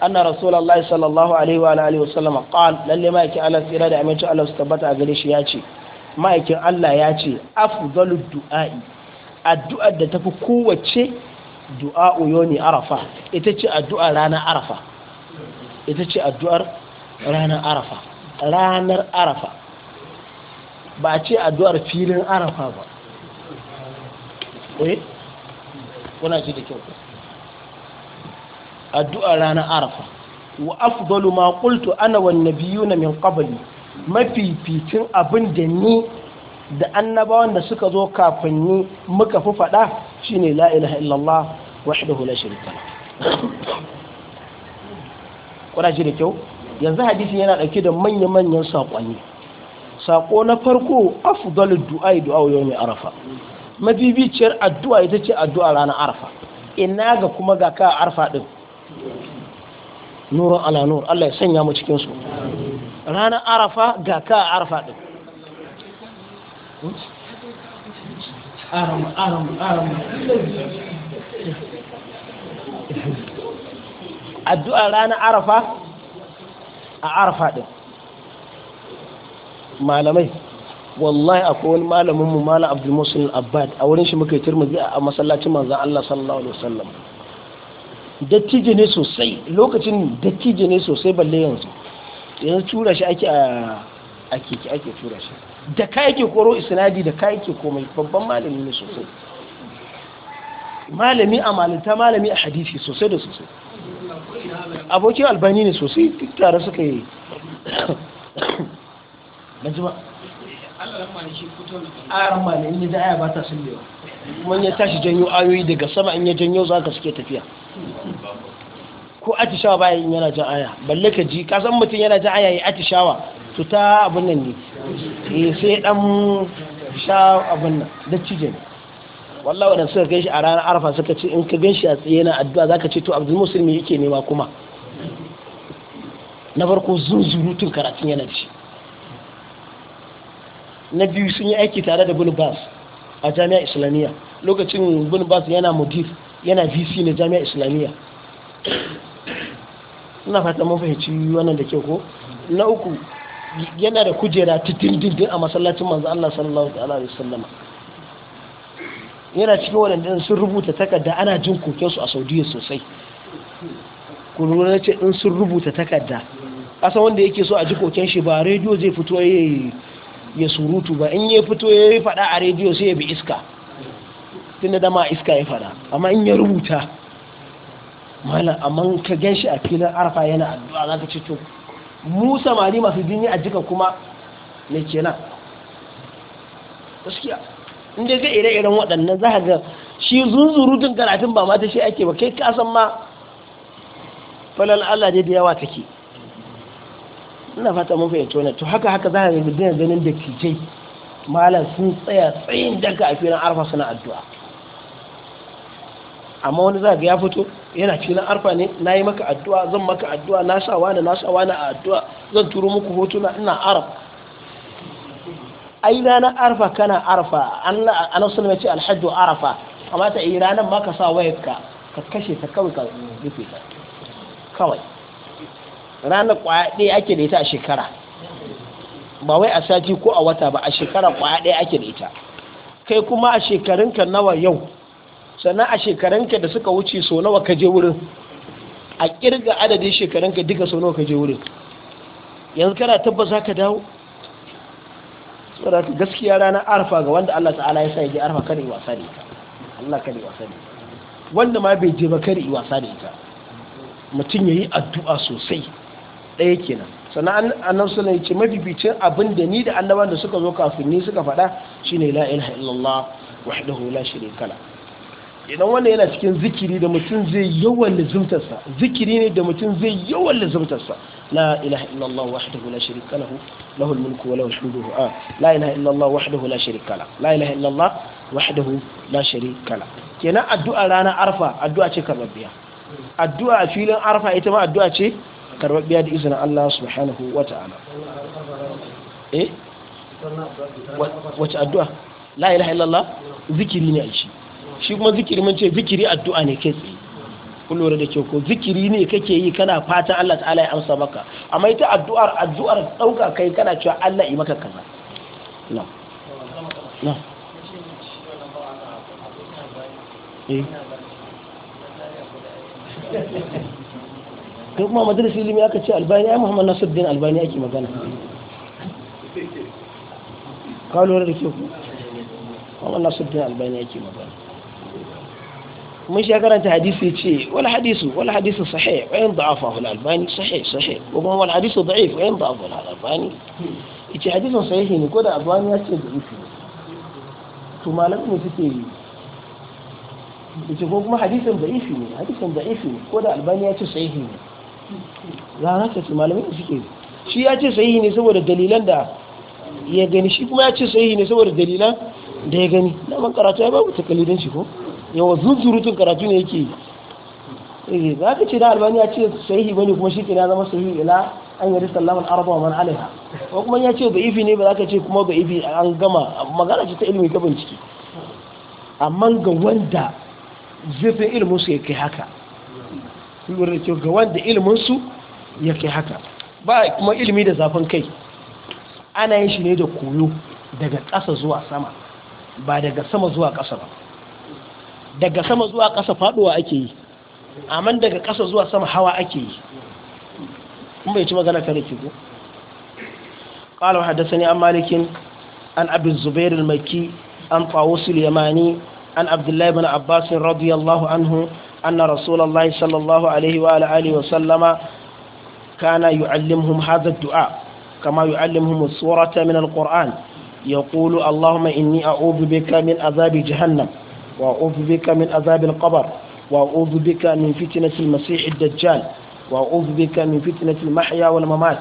anna rasulullahi sallallahu alaihi wa alihi wa sallam qal lalle ma yake Allah da aminci Allah su tabbata a gare shi ya ce ma'aikin Allah ya ce afdalud du'a'i addu'ar da tafi kowace du'a uyoni arafa ita ce addu'a ranar arafa ita ce addu'ar ranar arafa ranar arafa ba a ce addu'ar filin arafa ba ƙwai eh? kuna da kyau addu'ar ranar arafa wa afdalu ma qultu ana biyu na min qabli mafificin abin da ni da annabawan da suka zo kafin ni muka fi faɗa shine ne la'ilaha illallah wahdahu la sharika kuna ji da kyau yanzu hadisi yana dauke da manya-manyan saƙonni saƙo na farko afdalu du'a du'a yawmi arafa mabibiciyar addu'a ita ce addu'a ranar arafa ina ga kuma ga ka arafa din nurun ala nur Allah ya sanya mu cikin su ranar arafa ga ka arafa din aram aram aram addu'a ranar arafa a arafa ɗin malamai wallahi akwai wani malamin mu malam abdul musul a wurin shi muka yi turmuzi a masallacin manzan allah sallallahu alaihi wasallam dattijo ne sosai lokacin dattijo ne sosai balle yanzu yanzu tura shi ake a keke ake tura shi da ka yake koro isnadi da ka yake komai babban malami ne sosai malami a malinta malami a hadisi sosai da sosai abokin albani ne sosai tare suka yi ban ji ba aran ma ne inda aya ba ta sullewa kuma ya tashi janyo ayoyi daga sama in ya janyo za ka suke tafiya ko atishawa baya in yana jan aya balle ka ji kasan mutum yana jan aya ya atishawa su ta abin nan ne eh, sai dan sha abin nan da cije ne wallahi wadanda suka ganshi a ranar arafa suka ce in ka ganshi a tsaye na addu'a za ka ce to abdul musulmi yake nema kuma na farko zunzurutun karatun yana ci na biyu sun yi aiki tare da bin bas a jami'a islamiyya lokacin bin bas yana mudir yana vc na jami'a islamiyya ina fata mun fahimci wannan da ke ko na uku yana da kujera titin dindindin a masallacin manzo Allah sallallahu alaihi wasallam yana cikin waɗanda sun rubuta takarda ana jin kokensu a saudiya sosai kuruna ce in sun rubuta takarda ƙasa wanda yake so a ji koken shi ba rediyo zai fito ya surutu ba in ya fito ya yi fada a rediyo sai ya bi iska tun da dama iska ya fada amma in ya rubuta mala amma ka gan shi a filin arfa yana addu'a za ka ce to mu masu jini a jika kuma ne kenan in dai ga ire-iren waɗannan za ga shi din karatun ba ma shi ake ba kai ka san ma falal Allah dai da yawa take ina fata mun fahimci wannan to haka haka za ka ga dina ganin da kike malam sun tsaya tsayin daga a filin arfa suna addu'a amma wani za ga ya fito yana filin arfa ne na yi maka addu'a zan maka addu'a na sa wani na sa wani a addu'a zan turo muku hotuna ina arab ai ranar arfa kana arfa an sulma ce alhajju arfa amma ta yi ranar ma ka sa wayar ka ka kashe ta kawai ka rufe ta kawai ranar kwaya ɗaya ake da ita a shekara ba wai a sati ko a wata ba a shekara kwaya ɗaya ake da ita kai kuma a shekarunka nawa yau sannan a shekarunka da suka wuce so nawa ka je wurin a kirga adadin shekarunka duka so nawa ka je wurin yanzu kana tabbas za ka dawo saboda gaskiya ranar arfa ga wanda Allah ta'ala ya sa ya je arfa kare yi wasa da ita Allah kare yi wasa da ita wanda ma bai je ba kare yi wasa da ita mutum ya yi addu'a sosai ɗaya kenan sannan annan suna yi ce mabibicin abin da ni da annaban da suka zo kafin ni suka faɗa shine la ilaha illallah wahdahu la sharika la idan wanda yana cikin zikiri da mutum zai yawan lazumtarsa zikiri ne da mutum zai yawan lazumtarsa لا إله إلا الله وحده لا شريك له له الملك وله الحمد آه لا إله إلا الله وحده لا شريك له لا إله إلا الله وحده لا شريك له كنا الدعاء رانا عرفة الدعاء شيء كربيا الدعاء في لنا عرفة إتما الدعاء شيء كربيا بإذن الله سبحانه وتعالى إيه wace addu'a la ilaha illallah zikiri ne a shi shi kuma zikiri man ce zikiri addu'a ne kai tsaye kun lura da ke ko zikiri ne kake yi kana fatan Allah ta'ala ya amsa maka amma ita addu'ar addu'ar dauka kai kana cewa Allah yi maka kaza na na eh kuma madrasa ilimi aka ce albani ai muhammad nasiruddin albani yake magana ka lura da ke ko muhammad nasiruddin albani yake magana mun sha karanta hadisi ce wani hadisu wani hadisu sahih wa da afa hula albani sahih sahih ko kuma wani hadisu da'if wa da afa hula albani ce hadisun sahihi ne ko da albani ya ce ufi to malamin ne suke yi ce ko kuma da ufi ne da ufi ne ko da albani ya ce sahihi ne rana su malamin ne suke yi shi ya ce sahihi ne saboda dalilan da ya gani shi kuma ya ce sahihi ne saboda dalilan da ya gani na man karatu ya babu takalidanci ko yawa zuzurutun karatu ne yake yi eh, za ka ce da albani ya ce sahihi bane kuma shi kenan zama sahihi ila an yi risar lamun arba wa mana alaiha ko kuma ya ce da'ifi ne ba za ka ce kuma da'ifi an gama magana ce ta ilimi ka bincike amma ga wanda zafin ilimin su ya kai haka ga wanda ilimin ya kai haka ba kuma ilimi da zafin kai ana yin shi ne da koyo daga ƙasa zuwa sama ba daga sama zuwa ƙasa ba daga sama zuwa ƙasa faɗuwa ake yi amma daga ƙasa zuwa sama hawa ake yi in bai ci magana kare ki ko qala hadathani an malikin an abi zubair al-makki an tawus al-yamani an abdullah ibn abbas radiyallahu anhu anna rasulullahi sallallahu alaihi wa alihi wa sallama kana yu'allimuhum hadha ad-du'a كما يعلمهم السورة من القرآن يقول اللهم إني أعوذ بك min عذاب جهنم Wa وأعوذ بك من عذاب القبر وأعوذ بك من فتنة المسيح الدجال وأعوذ بك من فتنة المحيا والممات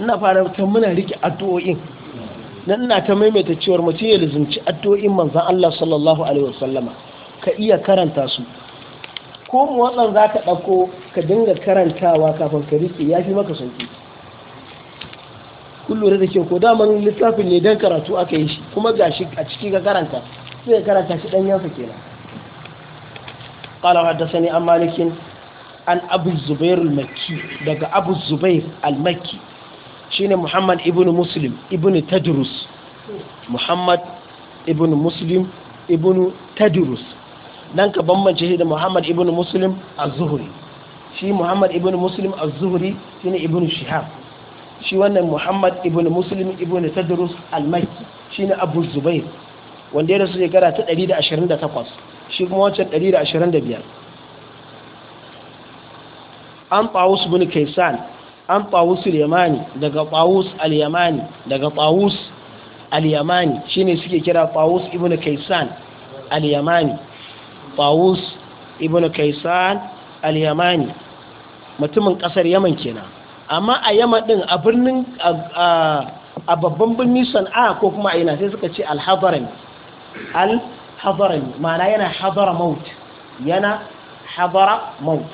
ina fara ta muna rike addu'o'in nan ina ta maimaita cewar mutum ya lizinci addu'o'in manzan Allah sallallahu alaihi wasallama ka iya karanta su ko mu wannan za ka ɗauko ka dinga karantawa kafin ka rike ya fi maka sauki kun lura da kyau ko daman littafin ne dan karatu aka yi shi kuma ga shi a ciki ga karanta sai karanta shi dan yansa kenan qala haddathani an malikin an abu zubair al-makki daga abu zubair al-makki shine muhammad ibn muslim ibn tadrus muhammad ibn muslim ibn tadrus dan ka bambance shi da muhammad ibn muslim az-zuhri shi muhammad ibn muslim az-zuhri shine ibn shihab shi wannan muhammad ibn muslim ibn tadrus al-makki ne abu zubair wanda ya rasu shekara ta 128 shi kuma wancan 125 an tawus bin kaisan an tawus al-yamani daga tawus al-yamani daga tawus al-yamani shine suke kira tawus ibn kaisan al-yamani tawus ibn kaisan al-yamani mutumin kasar yaman kenan amma a yama din a birnin a babban birni sana'a ko kuma a yana sai suka ce alhadarami alhadarami ma'ana yana hadara maut yana hadara maut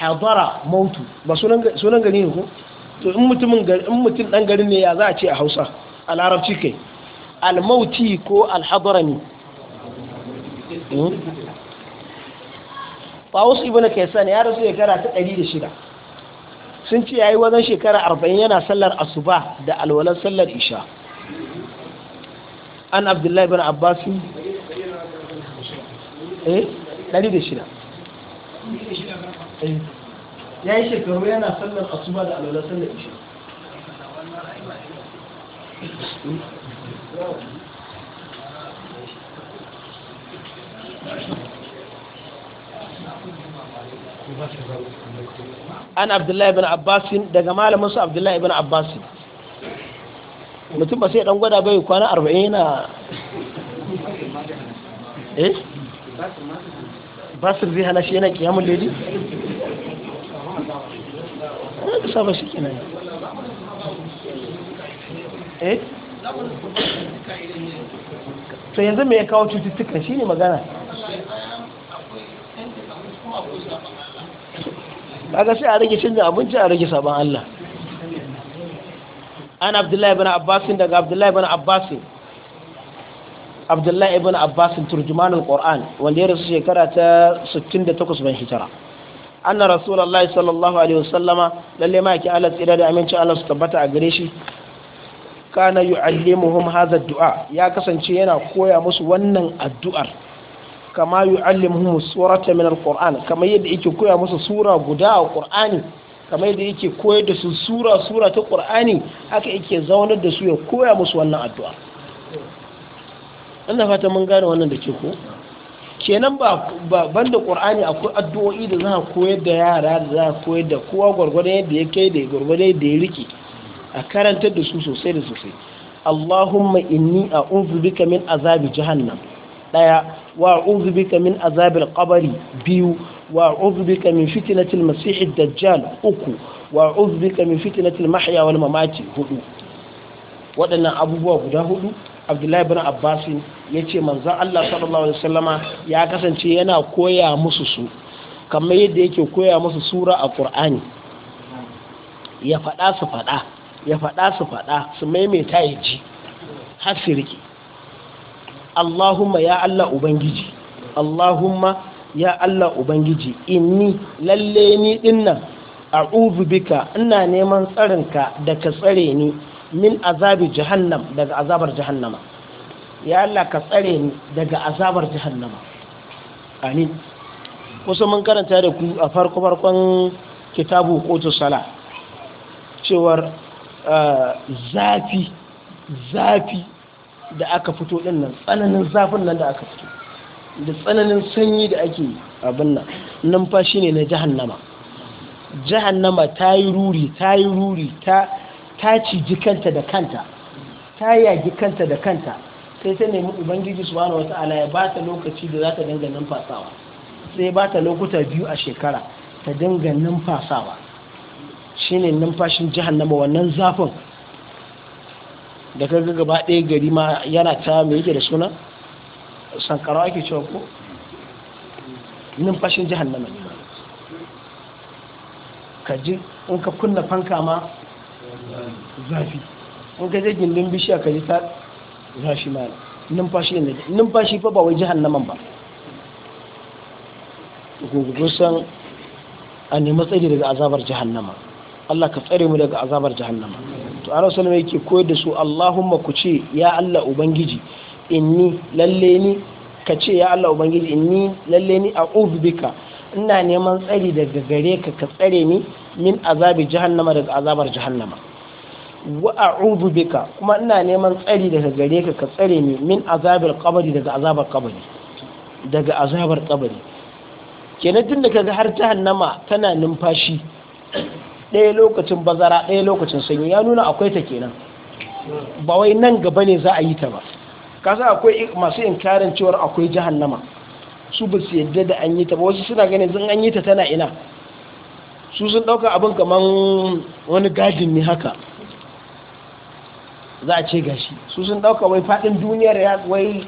hadara mautu ba sunan gani ne ku to in mutumin in mutum dan garin ne ya za a ce a Hausa a Larabci kai almauti ko alhadarami hmm? Fawus ibn Kaysan ya rasu shekara ta 106 sun ce yayi wajen shekara arba'in yana sallar asuba da alwalar sallar isha an abdullahi bin abbas eh 106 yayi shekaru yana sallar asuba da alwalar sallar isha Thank you. an abdullahi ibn abbasin daga malamin su abdullahi ibn abbasin mutum ba sai dan gwada bai kwana 40 a eh basir zai hana shi yana kiyamun lady ana da saba shi kenan eh to yanzu mai ya kawo cututtukan shine magana kaga sai a rage cin abinci a rage sabon Allah an abdullahi ibn Abbasin daga abdullahi ibn abbasin abdullahi ibn abbasin turjumanin alquran wanda ya rasu shekara ta 68 ban hijira anna rasulullahi sallallahu alaihi wasallama lalle ma yake Allah tsira da aminci Allah su tabbata a gare shi kana yu'allimuhum hadha ad-du'a ya kasance yana koya musu wannan addu'ar kama yu'allimuhum surata min alquran kamar yadda yake koya musu sura guda a qur'ani kamar yadda yake koyar da su sura sura ta qur'ani haka yake zaunar da su ya koya musu wannan addu'a ina fata mun gane wannan da ke ko kenan ba banda qur'ani akwai addu'o'i da za a koyar da yara da za a koyar da kowa gwargwadon yadda ya kai da ya gwargwadon yadda ya rike a karantar da su sosai da sosai Allahumma inni a a'udhu bika min azabi jahannam daya wa a'udhu min azabil kabari biyu. wa a'udhu bika min fitnatil masiihid dajjal uku wa a'udhu bika min fitnatil mahya wal hudu wadannan abubuwa guda hudu abdullahi ibn abbas yace manzo allah sallallahu alaihi wasallama ya kasance yana koya musu su kamar yadda yake koya musu sura a alqur'ani ya faɗa su fada ya fada su fada su maimaita yaji hasirki Allahumma ya Allah Ubangiji Allahumma ya Allah Ubangiji inni lalle ni dinnan a'udhu bika ina neman tsarinka da ka tsare ni min azabi jahannam daga azabar jahannama ya Allah ka tsare ni daga azabar jahannama amin kusa mun karanta da ku a farko farkon kitabu kotu sala cewar eh, zafi zafi da aka fito din nan tsananin zafin nan da aka fito da tsananin sanyi da ake abin nan numfashi ne na jahannama jahannama ta yi ruri ta yi ruri ta ci ciji kanta da kanta ta yagi kanta da kanta sai ta nemi ubangiji wata ala ya ba ta lokaci da za ta dinga numfasawa sai ba ta lokuta biyu a shekara ta dinga numfasawa shine numfashin jahannama wannan zafin da ka ga gaba ɗaya gari ma yana ta mai yake da suna sankara ake cewa ko numfashin jahannama ne ka ji in ka kunna fanka ma zafi in ka je gindin bishiya ka ji ta zafi ma numfashi ne numfashi fa ba wai jahannaman ba gugusan a nemi matsayi daga azabar jahannama Allah ka tsare mu daga azabar jahannama to ana mai yake koyar da su Allahumma ku ce ya Allah ubangiji inni lalle ni ka ce ya Allah ubangiji inni lalle ni a'udhu bika ina neman tsari daga gare ka ka tsare ni min azabi jahannama daga azabar jahannama wa a'udhu bika kuma ina neman tsari daga gare ka ka tsare ni min azabil qabri daga azabar qabri daga azabar qabri kenan tunda kaga har jahannama tana numfashi ɗaya lokacin bazara ɗaya lokacin sanyi ya nuna akwai ta kenan ba wai nan gaba ne za a yi ta ba kasa akwai masu inkarin cewar akwai jahannama su ba su yadda da an yi ta ba wasu suna ganin zan an yi ta tana ina su sun ɗauka abin kamar wani gadin ne haka za a ce gashi su sun ɗauka wai faɗin duniyar ya wai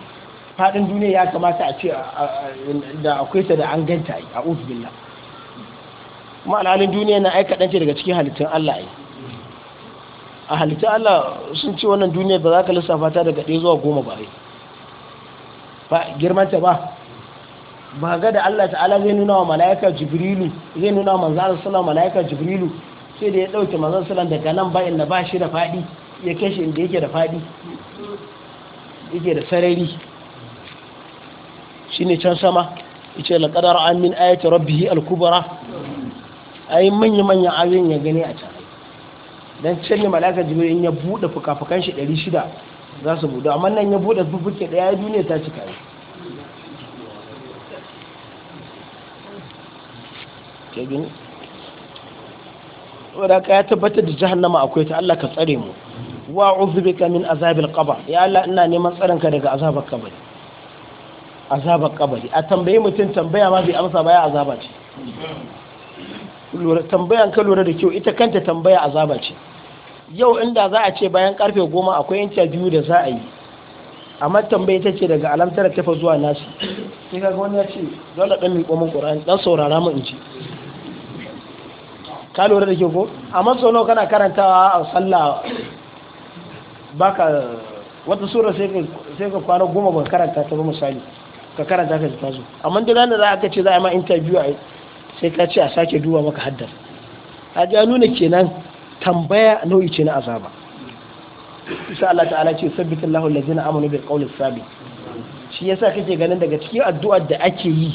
faɗin duniya ya kamata a ce da akwai ta da an ganta a ubillah kuma duniya na aika ɗance daga cikin halittun Allah ai a halittun Allah sun ce wannan duniya ba za ka lissafa ta daga ɗaya zuwa goma ba ai ba girmanta ba ba ga da Allah ta'ala zai nuna wa mala'ika jibrilu zai nuna wa manzan sallam mala'ika jibrilu sai da ya ɗauke manzan sallam daga nan ba inda ba shi da faɗi ya kashe inda yake da faɗi yake da sarari shine can sama yace laqadara an min ayati rabbihi al-kubra ai manya-manyan ayoyin ya gani a can don can ne malaka jimiri in ya buɗe fuka-fukan shi 600 za su buɗe amma nan ya buɗe fuke ɗaya duniya ta cika yi ke gini wadda ka ya tabbatar da jahannama akwai ta Allah ka tsare mu wa ka min azabin kaba ya Allah ina neman tsarin ka daga azabar kabari azabar kabari a tambayi mutum tambaya ma bai amsa ba ya azaba ce tambayan ka lura da kyau ita kanta tambaya azaba ce yau inda za a ce bayan karfe goma akwai interview da za a yi amma tambaya ta ce daga alamtar tafa zuwa nasi sai ga wani ya ce dole dan miƙo min qur'ani ɗan saurara mu in ci ka lura da kyau ko amma sau kana karantawa a sallah baka wata sura sai ka kwana goma ba karanta ta ba misali ka karanta ka ta zo amma duk ranar a aka ce za a ma interview a sai ka ce a sake duba maka haddar a ja nuna kenan tambaya nau'i ce na azaba isa Allah ta'ala ce sabbitin lahun lazina amanu bai kawo sabit shi ya sa kake ganin daga cikin addu'ar da ake yi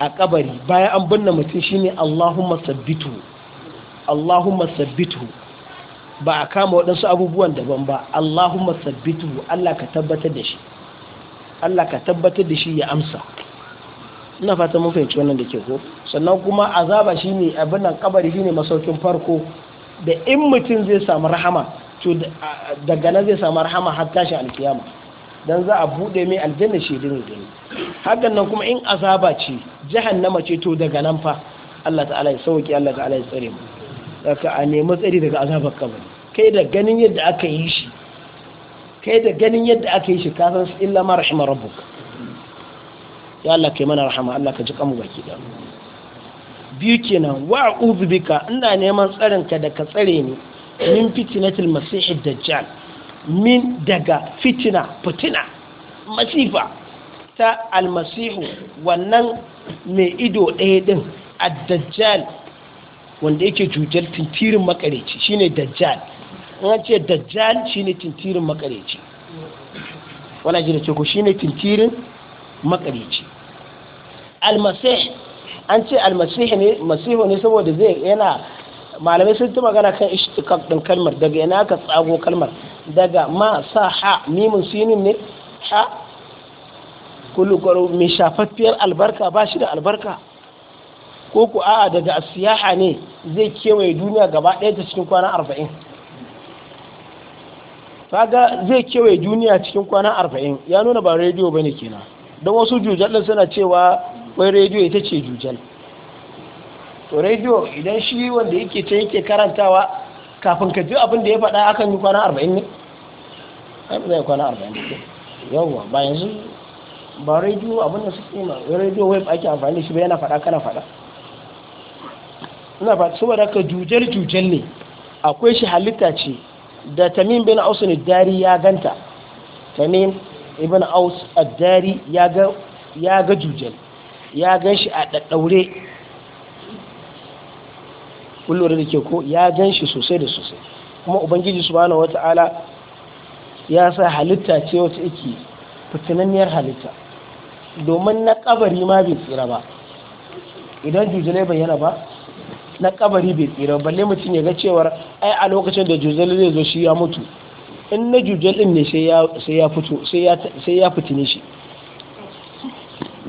a kabari bayan an binne mutum shi ne Allahumma sabbitu Allahumma sabbitu ba a kama waɗansu abubuwan daban ba Allahumma sabbitu Allah ka tabbatar da shi ya amsa ina fata mun fahimci wannan da ke ko sannan kuma azaba shi ne abin nan kabari ne masaukin farko da in mutum zai samu rahama to daga nan zai samu rahama har tashi alkiyama dan za a bude mai aljanna shi dini dini hakan nan kuma in azaba ce jahannama ce to daga nan fa Allah ta'ala ya sauki Allah ta'ala ya tsare mu daga a nemi tsari daga azabar kabari kai da ganin yadda aka yi shi kai da ganin yadda aka yi shi ka san illa ma rahimar rabbuka ya Allah kai mana rahama Allah ka ji kanmu baki da biyu kenan wa a'udhu bika ina neman tsarin ka da ka tsare ni min fitnatil masih dajjal min daga fitina fitina masifa ta almasihu wannan mai ido ɗaya din ad-dajjal wanda yake jujjal tintirin makareci shine dajjal an ce dajjal shine tintirin makareci wala jira ce ko shine tintirin makareci almasih an ce almasih ne masihu ne saboda zai yana malamai sun ta magana kan ishtikak din kalmar daga yana ka tsago kalmar daga ma sa ha mimun sinin ne ha kullu kwaro mai shafaffiyar albarka ba shi da albarka ko ku a'a daga asiyaha ne zai kewaye duniya gaba ɗaya ta cikin kwana arba'in kaga zai kewaye duniya cikin kwana arba'in ya nuna ba rediyo bane kenan don wasu jujalin suna cewa wai rediyo ita ce jujal to rediyo idan shi wanda yake ce yake karantawa kafin ka ji abin da ya faɗa akan yi kwana arba'in ne ai ba zai kwana arba'in ne yawwa ba yanzu ba rediyo abin da suke ma rediyo ba ake amfani da shi ba yana faɗa kana faɗa ina ba saboda ka jujal jujal ne akwai shi halitta ce da tamim bin aus dari ya ganta tamim ibn aus ad-dari ya ga ya ga jujal ya gan shi a ɗaɗɗaure kullum da ke ko ya gan shi sosai da sosai kuma ubangiji subhanahu wata'ala ya sa halitta ce wata iki fitinanniyar halitta domin na ƙabari ma bai tsira ba idan jujjulai bayyana ba na ƙabari bai tsira balle mutum ya ga cewar ai a lokacin da jujjulai zai zo shi ya mutu in na jujjal ne sai sai ya fitine shi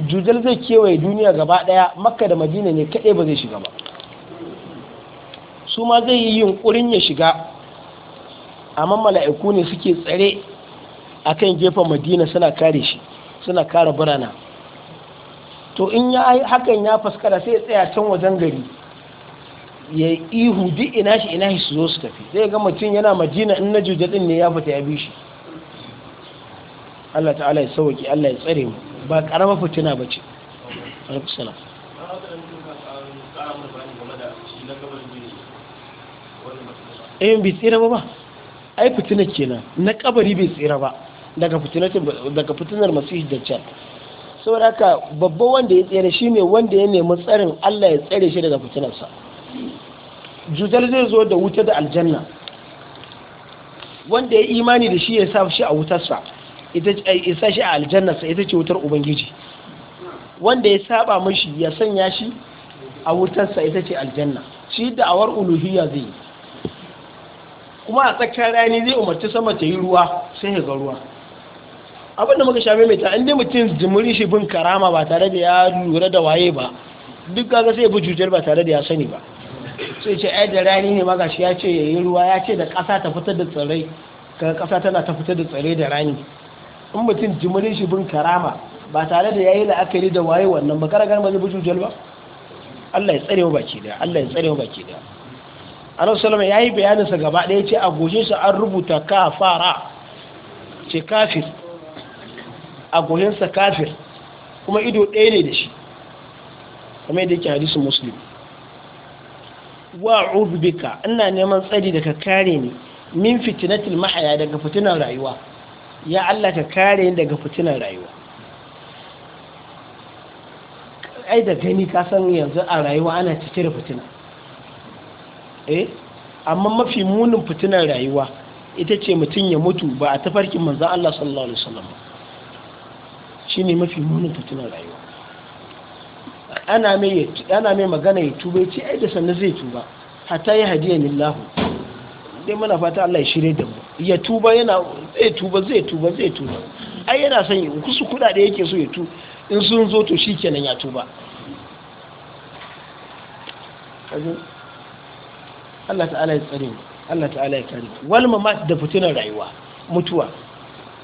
jujal zai kewaye duniya gaba daya makka da madina ne kadai ba zai shiga ba su ma zai yi yunkurin ya shiga amma mala'iku ne suke tsare a kan gefen madina suna kare shi suna kare birana to in ya hakan ya faskara sai ya tsaya can wajen gari ya ihu duk ina shi ina shi su zo su tafi zai ga mutum yana madina in na ɗin ne ya fita ya bi shi Allah ta'ala ya sauki Allah ya tsare mu ba ƙaramar fitina ba ce alaikussalam ayin eh, bai tsira ba ba ai fitina kenan na kabari bai tsira ba daga fitinar masu dajjal saboda haka babba wanda ya tsira shi ne wanda ya nemi tsarin Allah ya tsere shi daga fitinarsa jujal zai zo da wuta da aljanna wanda ya imani da shi ya sa shi a wutarsa ita eh, isa shi a aljannarsa ita ce wutar ubangiji wanda ya saba mashi ya sanya shi a wutarsa ita ce aljanna shi da'awar uluhiyya zai yi kuma a tsakiyar rani zai umarci sama ta yi ruwa sai ya ga ruwa abin da muka shafi mai ta inda mutum jimuri shi bin karama ba tare da ya lura da waye ba duk gaga sai bi jujjar ba tare da ya sani ba sai ce ai da rani ne magashi ya ce ya yi ruwa ya ce da ƙasa ta fitar da tsirrai ƙasa tana ta fitar da tsirrai da rani in mutum jimilin shi bin karama ba tare da yayi la'akari da waye wannan ba karagar ba zai bujujal ba Allah ya tsare baki da Allah ya tsare baki da Annabi sallama yayi bayanin sa gaba daya ce a goje sa an rubuta kafara ce kafir a gojen sa kafir kuma ido ɗaya ne da shi kamar yadda yake hadisi muslim wa ubika ina neman tsari daga kare ni min fitinatil mahaya daga fitinar rayuwa ya Allah ka kare ni daga fitinan rayuwa ai da gani ka san yanzu a rayuwa ana cike da fitina eh amma mafi munin fitinan rayuwa ita ce mutum ya mutu ba a tafarkin manzan Allah sallallahu alaihi wasallam shi ne mafi munin fitinan rayuwa ana mai magana ya tuba ce ai da sannan zai tuba hatta yi hadiyar lillahu dai muna fata Allah ya shirye da mu ya tuba yana zai tuba zai tuba zai tuba ai yana son kusu kudade yake so ya tu in sun zo to shi kenan ya tuba Allah ta'ala ya tsare Allah ta'ala ya kare wal mamat da fitinar rayuwa mutuwa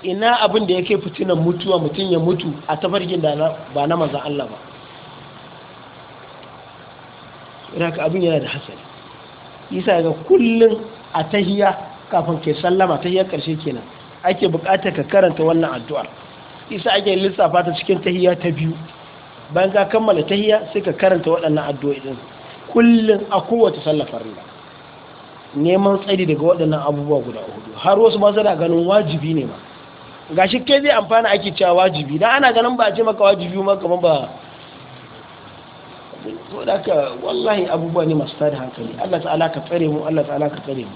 ina abin da yake fitinar mutuwa mutum ya mutu a tafarkin da ba na manzon Allah ba ka abin yana da hasali yasa ga kullun a tahiya kafin ke sallama ta hiyar ƙarshe kenan ake buƙatar ka karanta wannan addu'ar isa ake lissafa ta cikin tahiya ta biyu bayan ka kammala tahiya sai ka karanta waɗannan addu'o'i din kullum a kowace sallar farilla neman tsari daga waɗannan abubuwa guda hudu har wasu ma suna ganin wajibi ne ma gashi kai zai amfana ake cewa wajibi dan ana ganin ba a ce maka wajibi ma kamar ba ko da ka wallahi abubuwa ne masu tada hankali Allah ta'ala ka tsare mu Allah ta'ala ka tsare mu